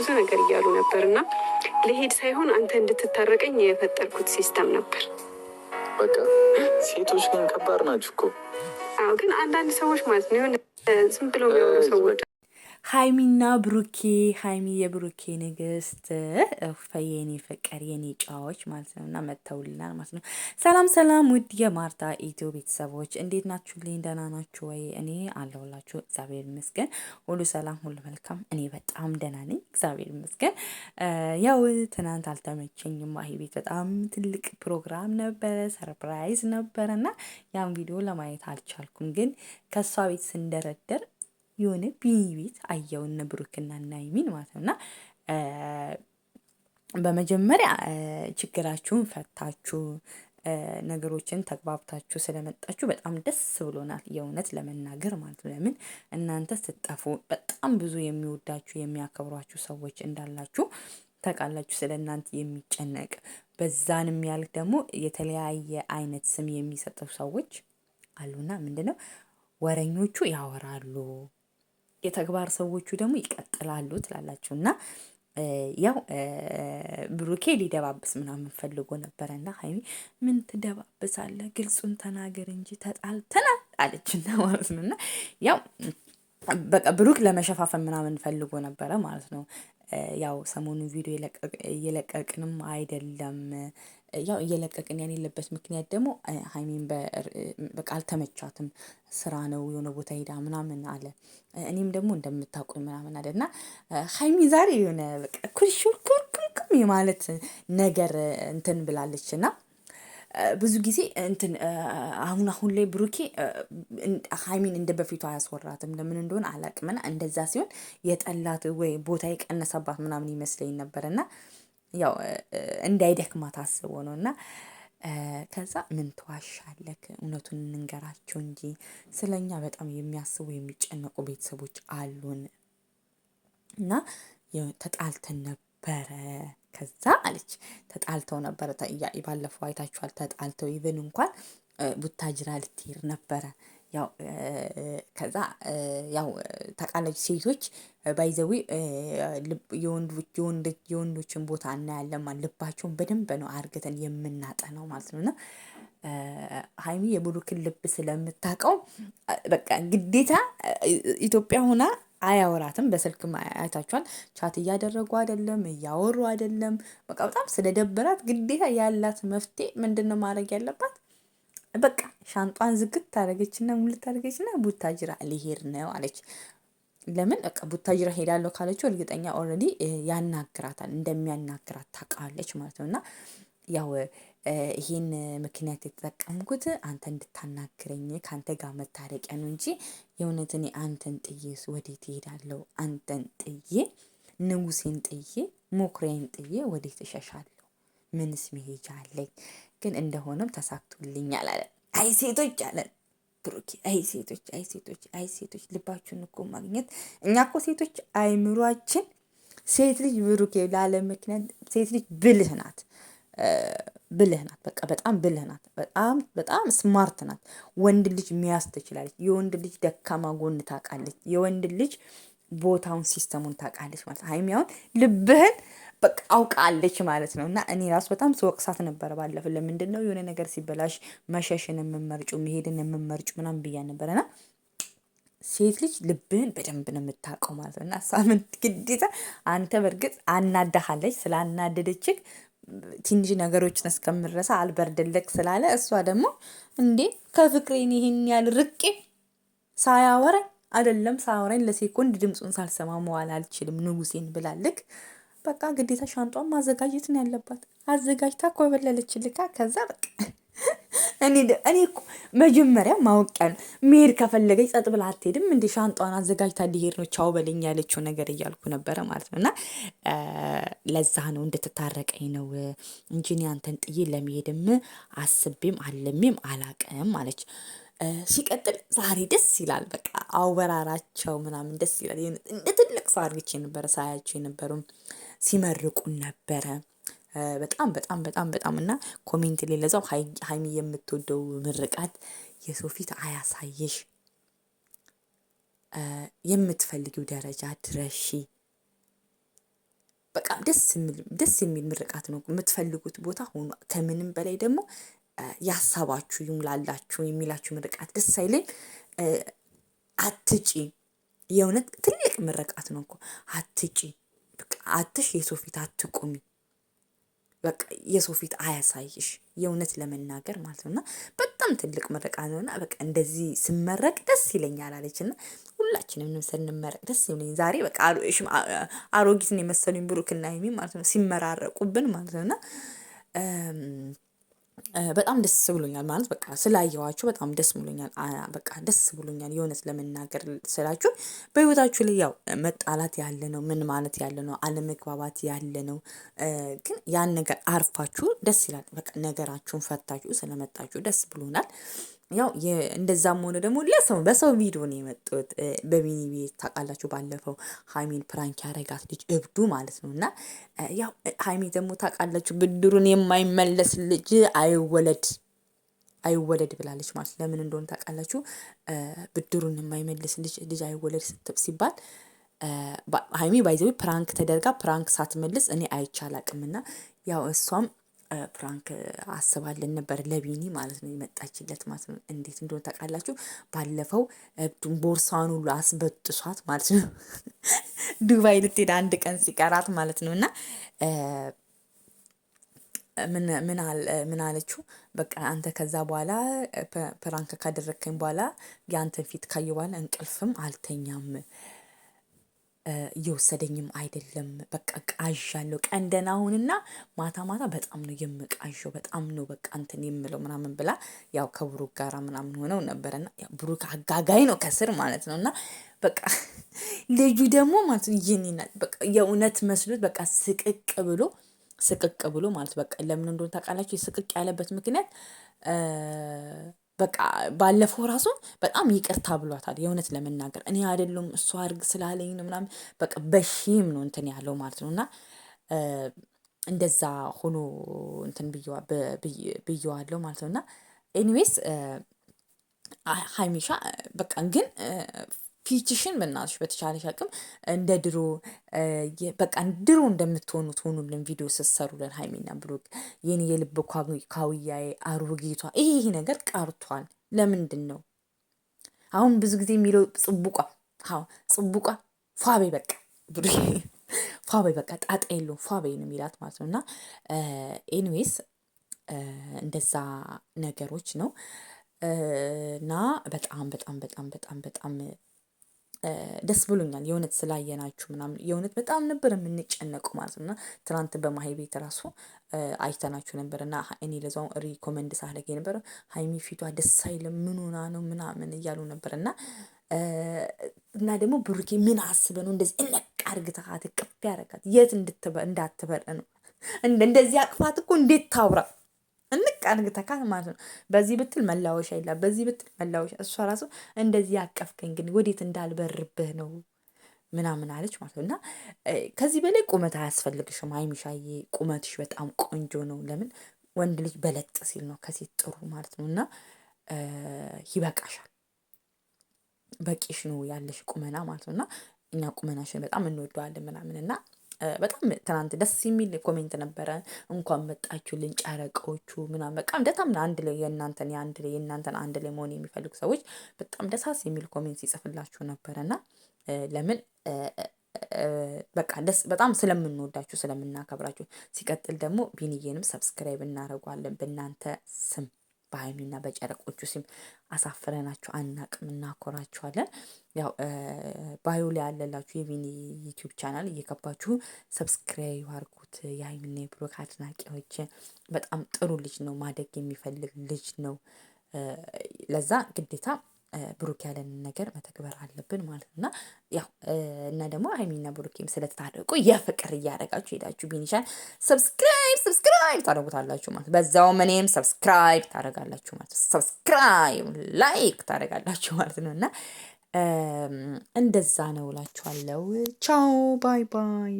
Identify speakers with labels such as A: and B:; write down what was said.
A: ብዙ ነገር እያሉ ነበር እና ለሄድ ሳይሆን አንተ እንድትታረቀኝ የፈጠርኩት ሲስተም ነበር።
B: በቃ ሴቶች ግን ከባድ ናቸው እኮ።
A: አዎ ግን አንዳንድ ሰዎች ማለት ነው ዝም ብለው የሚያወሩ ሰዎች
C: ሀይሚና ብሩኬ ሀይሚ የብሩኬ ንግስት ፈየኔ ፍቅር የኔ ጨዋዎች ማለት ነው እና መጥተውልናል ማለት ነው። ሰላም ሰላም፣ ውድ የማርታ ኢትዮ ቤተሰቦች እንዴት ናችሁልኝ? ደህና ናችሁ ወይ? እኔ አለሁላችሁ እግዚአብሔር ይመስገን፣ ሁሉ ሰላም፣ ሁሉ መልካም። እኔ በጣም ደህና ነኝ እግዚአብሔር ይመስገን። ያው ትናንት አልተመቸኝም። ማሂ ቤት በጣም ትልቅ ፕሮግራም ነበረ፣ ሰርፕራይዝ ነበረ እና ያን ቪዲዮ ለማየት አልቻልኩም፣ ግን ከእሷ ቤት ስንደረደር የሆነ ቢኒ ቤት አየውነ ብሩክና እና ሀይሚን ማለት ነው እና በመጀመሪያ ችግራችሁን ፈታችሁ ነገሮችን ተግባብታችሁ ስለመጣችሁ በጣም ደስ ብሎናል። የእውነት ለመናገር ማለት ነው። ለምን እናንተ ስትጠፉ በጣም ብዙ የሚወዳችሁ የሚያከብሯችሁ ሰዎች እንዳላችሁ ታውቃላችሁ። ስለ እናንተ የሚጨነቅ በዛንም ያልክ ደግሞ የተለያየ አይነት ስም የሚሰጠው ሰዎች አሉና ምንድነው ወረኞቹ ያወራሉ የተግባር ሰዎቹ ደግሞ ይቀጥላሉ ትላላችሁ እና ያው ብሩኬ ሊደባብስ ምናምን ፈልጎ ነበረ እና ሀይሚ ምን ትደባብሳለ? ግልጹን ተናገር እንጂ ተጣልተናል አለችና ማለት ነው እና ያው በቃ ብሩክ ለመሸፋፈን ምናምን ፈልጎ ነበረ ማለት ነው። ያው ሰሞኑን ቪዲዮ እየለቀቅንም አይደለም ያው እየለቀቅን ያን የለበት ምክንያት ደግሞ ሀይሜን በቃ አልተመቻትም፣ ስራ ነው የሆነ ቦታ ሄዳ ምናምን አለ። እኔም ደግሞ እንደምታውቁኝ ምናምን አለ እና ሀይሚ ዛሬ የሆነ በቃ የማለት ነገር እንትን ብላለች እና ብዙ ጊዜ እንትን አሁን አሁን ላይ ብሩኬ ሀይሚን እንደ በፊቱ አያስወራትም። ለምን እንደሆነ አላቅምና እንደዛ ሲሆን የጠላት ወይ ቦታ የቀነሰባት ምናምን ይመስለኝ ነበር እና ያው እንዳይደክማ ታስቦ ነው እና ከዛ ምን ትዋሻለክ? እውነቱን እንንገራቸው እንጂ ስለኛ በጣም የሚያስቡ የሚጨነቁ ቤተሰቦች አሉን እና ተጣልተን ነበረ። ከዛ አለች ተጣልተው ነበረ። ባለፈው አይታችኋል። ተጣልተው ይብን እንኳን ቡታጅራ ልትሄድ ነበረ ያው ከዛ ያው ተቃላጅ ሴቶች ባይዘዊ የወንዶችን ቦታ እናያለን ማለት ልባቸውን በደንብ ነው አርግተን የምናጠነው ማለት ነው እና ሀይሚ የብሩክን ልብ ስለምታውቀው በቃ ግዴታ ኢትዮጵያ ሆና አያወራትም። በስልክ አይታችኋል። ቻት እያደረጉ አይደለም፣ እያወሩ አይደለም። በቃ በጣም ስለደበራት ግዴታ ያላት መፍትሄ ምንድን ነው ማድረግ ያለባት? በቃ ሻንጧን ዝግት ታደረገችና ሙሉ ታደረገችና ቡታጅራ ሊሄድ ነው አለች። ለምን በቃ ቡታጅራ ሄዳለሁ ካለችው እርግጠኛ ኦልሬዲ ያናግራታል እንደሚያናግራት ታውቃለች ማለት ነው። እና ያው ይሄን ምክንያት የተጠቀምኩት አንተ እንድታናግረኝ ከአንተ ጋር መታረቂያ ነው እንጂ የእውነት እኔ አንተን ጥዬ ወዴት እሄዳለሁ? አንተን ጥዬ ንጉሴን ጥዬ ሞኩሬን ጥዬ ወዴት እሸሻለሁ? ምንስ መሄጃ አለኝ? ግን እንደሆነም ተሳክቶልኛል አለ። አይ ሴቶች አለ ብሩኬ፣ አይ ሴቶች፣ አይ ሴቶች፣ አይ ሴቶች ልባችሁን እኮ ማግኘት እኛ እኮ ሴቶች አይምሯችን ሴት ልጅ ብሩኬ ላለ ምክንያት ሴት ልጅ ብልህ ናት ብልህ ናት። በቃ በጣም ብልህ ናት። በጣም በጣም ስማርት ናት። ወንድ ልጅ ሚያስ ትችላለች። የወንድ ልጅ ደካማ ጎን ታውቃለች። የወንድ ልጅ ቦታውን ሲስተሙን ታውቃለች ማለት ሀይሚያውን ልብህን በቃ አውቃለች ማለት ነው። እና እኔ ራሱ በጣም ስወቅሳት ነበረ ባለፈ። ለምንድን ነው የሆነ ነገር ሲበላሽ መሸሽን የምመርጩ መሄድን የምመርጩ ምናምን ብያ ና ሴት ልጅ ልብህን በደንብ ነው የምታውቀው ማለት ነው። እና ሳምንት ግዴታ አንተ በእርግጥ አናዳሃለች ስላናደደችግ ትንሽ ነገሮችን እስከምረሳ አልበርድልክ ስላለ እሷ ደግሞ እንዴ ከፍቅሬን ይህን ያል ርቄ ሳያወራኝ አይደለም ሳያወራኝ ለሴኮንድ ድምፁን ሳልሰማ መዋል አልችልም ንጉሴን ብላልክ በቃ ግዴታ ሻንጧን ማዘጋጀት ነው ያለባት። አዘጋጅታ ኮበለለች ልካ ከዛ በቃ እኔ እኔ እኮ መጀመሪያ ማወቂያ ነው። መሄድ ከፈለገች ጸጥ ብላ አትሄድም እንዴ? ሻንጧን አዘጋጅታ ሊሄድ ነው ቻው በለኝ ያለችው ነገር እያልኩ ነበረ ማለት ነው። እና ለዛ ነው እንድትታረቀኝ ነው እንጂ እኔ አንተን ጥዬ ለመሄድም አስቤም አለሜም አላቅም አለች። ሲቀጥል ዛሬ ደስ ይላል። በቃ አወራራቸው ምናምን ደስ ይላል። እንደ ትልቅ ሰው አድርጌ ነበረ ሳያቸው የነበሩም ሲመርቁን ነበረ። በጣም በጣም በጣም በጣም እና ኮሜንት ሌለዛው ሀይሚ የምትወደው ምርቃት የሰው ፊት አያሳይሽ፣ የምትፈልጊው ደረጃ ድረሺ። በቃ ደስ የሚል ምርቃት ነው። የምትፈልጉት ቦታ ሆኖ ከምንም በላይ ደግሞ ያሳባችሁ ይሙላላችሁ የሚላችሁ ምርቃት ደስ አይለኝ። አትጪ፣ የእውነት ትልቅ ምርቃት ነው እኮ አትጪ። አትሽ የሰው ፊት አትቁሚ። በቃ የሰው ፊት አያሳይሽ። የእውነት ለመናገር ማለት ነው እና በጣም ትልቅ ምረቃ ነውና በቃ እንደዚህ ስመረቅ ደስ ይለኛል አለች እና ሁላችንም ስንመረቅ ደስ ይለኝ። ዛሬ በቃ አሮጊትን የመሰሉኝ ብሩክና ሀይሚ ማለት ነው ሲመራረቁብን ማለት ነው እና በጣም ደስ ብሎኛል ማለት በቃ ስላየዋችሁ በጣም ደስ ብሎኛል። በቃ ደስ ብሎኛል የእውነት ለመናገር ስላችሁ በህይወታችሁ ላይ ያው መጣላት ያለ ነው፣ ምን ማለት ያለ ነው፣ አለመግባባት ያለ ነው። ግን ያን ነገር አርፋችሁ ደስ ይላል። በቃ ነገራችሁን ፈታችሁ ስለመጣችሁ ደስ ብሎናል። ያው እንደዛም ሆነ ደግሞ ለሰው በሰው ቪዲዮ ነው የመጡት። በሚኒ ቤት ታውቃላችሁ፣ ባለፈው ሀይሚን ፕራንክ ያረጋት ልጅ እብዱ ማለት ነው። እና ያው ሀይሚ ደግሞ ታውቃላችሁ፣ ብድሩን የማይመለስ ልጅ አይወለድ አይወለድ ብላለች ማለት ለምን እንደሆነ ታውቃላችሁ። ብድሩን የማይመልስ ልጅ ልጅ አይወለድ ሲባል ሀይሚ ባይዘዊ ፕራንክ ተደርጋ ፕራንክ ሳትመልስ እኔ አይቻላቅምና ያው እሷም ፕራንክ አስባለን ነበር ለቢኒ ማለት ነው የመጣችለት ማለት ነው። እንዴት እንደሆነ ታውቃላችሁ። ባለፈው እብዱን ቦርሳውን ሁሉ አስበጥሷት ማለት ነው። ዱባይ ልትሄድ አንድ ቀን ሲቀራት ማለት ነው እና ምን አለችው? በቃ አንተ ከዛ በኋላ ፕራንክ ካደረግከኝ በኋላ የአንተን ፊት ካየ በኋላ እንቅልፍም አልተኛም እየወሰደኝም አይደለም። በቃ ቃዣለሁ ቀንደና አሁንና ማታ ማታ በጣም ነው የምቃዠው በጣም ነው በቃ እንትን የምለው ምናምን ብላ ያው ከብሩክ ጋር ምናምን ሆነው ነበረ ብሩክ አጋጋይ ነው ከስር ማለት ነው። እና በቃ ልጁ ደግሞ ማለት ነው ይህን በቃ የእውነት መስሎት በቃ ስቅቅ ብሎ ስቅቅ ብሎ ማለት በቃ ለምን እንደሆነ ታውቃላችሁ? ስቅቅ ያለበት ምክንያት በቃ ባለፈው ራሱ በጣም ይቅርታ ብሏታል። የእውነት ለመናገር እኔ አይደለም እሱ አድርግ ስላለኝ ነው ምናምን በቃ በሺም ነው እንትን ያለው ማለት ነው እና እንደዛ ሆኖ እንትን ብየዋለው ማለት ነው እና ኤኒዌይስ ሀይሚሻ በቃ ግን ፊችሽን በእናትሽ በተቻለሽ አቅም እንደ ድሮ በቃ ድሮ እንደምትሆኑት ሆኑልን። ቪዲዮ ስትሰሩልን ሀይሚና ብሩክ ይህን የልብ ካውያዬ አሮጌቷ ይሄ ይሄ ነገር ቀርቷል። ለምንድን ነው አሁን ብዙ ጊዜ የሚለው ጽቡቋ ሁ ጽቡቋ ፏቤ በቃ ፏቤ በቃ ጣጣ የለውም ፏቤ ነው የሚላት ማለት ነው። እና ኤኒዌይስ እንደዛ ነገሮች ነው እና በጣም በጣም በጣም በጣም በጣም ደስ ብሎኛል የእውነት ስላየናችሁ ምናምን የእውነት በጣም ነበር የምንጨነቀው ማለት ነው። እና ትናንት በማሂ ቤት ራሱ አይተናችሁ ነበር እና እኔ ለዛው ሪኮመንድ ሳደርግ ነበር ሀይሚ ፊቷ ደስ አይልም ምን ነው ምናምን እያሉ ነበር እና እና ደግሞ ብሩኬ ምን አስበ ነው እንደዚህ እነቅ አርግተሃት ቅፍ ያረጋት የት እንዳትበር ነው እንደዚህ አቅፋት እኮ እንዴት ታውራ እንቅ አድርግተካት ማለት ነው። በዚህ ብትል መላወሻ የላት፣ በዚህ ብትል መላወሻ እሷ ራሱ እንደዚህ ያቀፍከኝ ግን ወዴት እንዳልበርብህ ነው ምናምን አለች ማለት ነው። እና ከዚህ በላይ ቁመት አያስፈልግሽም ሀይሚሻዬ፣ ቁመትሽ በጣም ቆንጆ ነው። ለምን ወንድ ልጅ በለጥ ሲል ነው ከሴት ጥሩ ማለት ነው። እና ይበቃሻል፣ በቂሽ ነው ያለሽ ቁመና ማለት ነው። እና እኛ ቁመናሽን በጣም እንወደዋለን ምናምን እና በጣም ትናንት ደስ የሚል ኮሜንት ነበረ። እንኳን መጣችሁልን ጨረቃዎቹ ምናምን በቃ በጣም አንድ ላይ የእናንተን የአንድ ላይ የእናንተን አንድ ላይ መሆን የሚፈልጉ ሰዎች በጣም ደሳስ የሚል ኮሜንት ሲጽፍላችሁ ነበረና ለምን በቃ ደስ በጣም ስለምንወዳችሁ ስለምናከብራችሁ፣ ሲቀጥል ደግሞ ቢንዬንም ሰብስክራይብ እናደርጓለን በእናንተ ስም በሀይሚና በጨረቆቹ ሲም አሳፍረናችሁ አናቅም፣ እናኮራችኋለን። ያው ባዩ ላይ ያለላችሁ የሚኒ ዩቲዩብ ቻናል እየከባችሁ ሰብስክራይብ አድርጉት። የሀይሚና የብሩክ አድናቂዎች በጣም ጥሩ ልጅ ነው፣ ማደግ የሚፈልግ ልጅ ነው። ለዛ ግዴታ ብሩክ ያለንን ነገር መተግበር አለብን ማለት እና ያው እና ደግሞ ሀይሚና ብሩኬም ስለተታረቁ የፍቅር እያደረጋችሁ ሄዳችሁ ቢኒሻን ሰብስክራይብ ሰብስክራይብ ታደረጉታላችሁ ማለት በዛው እኔም ሰብስክራይብ ታደረጋላችሁ ማለት ሰብስክራይብ ላይክ ታደርጋላችሁ ማለት ነው እና እንደዛ ነው እላችኋለሁ። ቻው ባይ ባይ።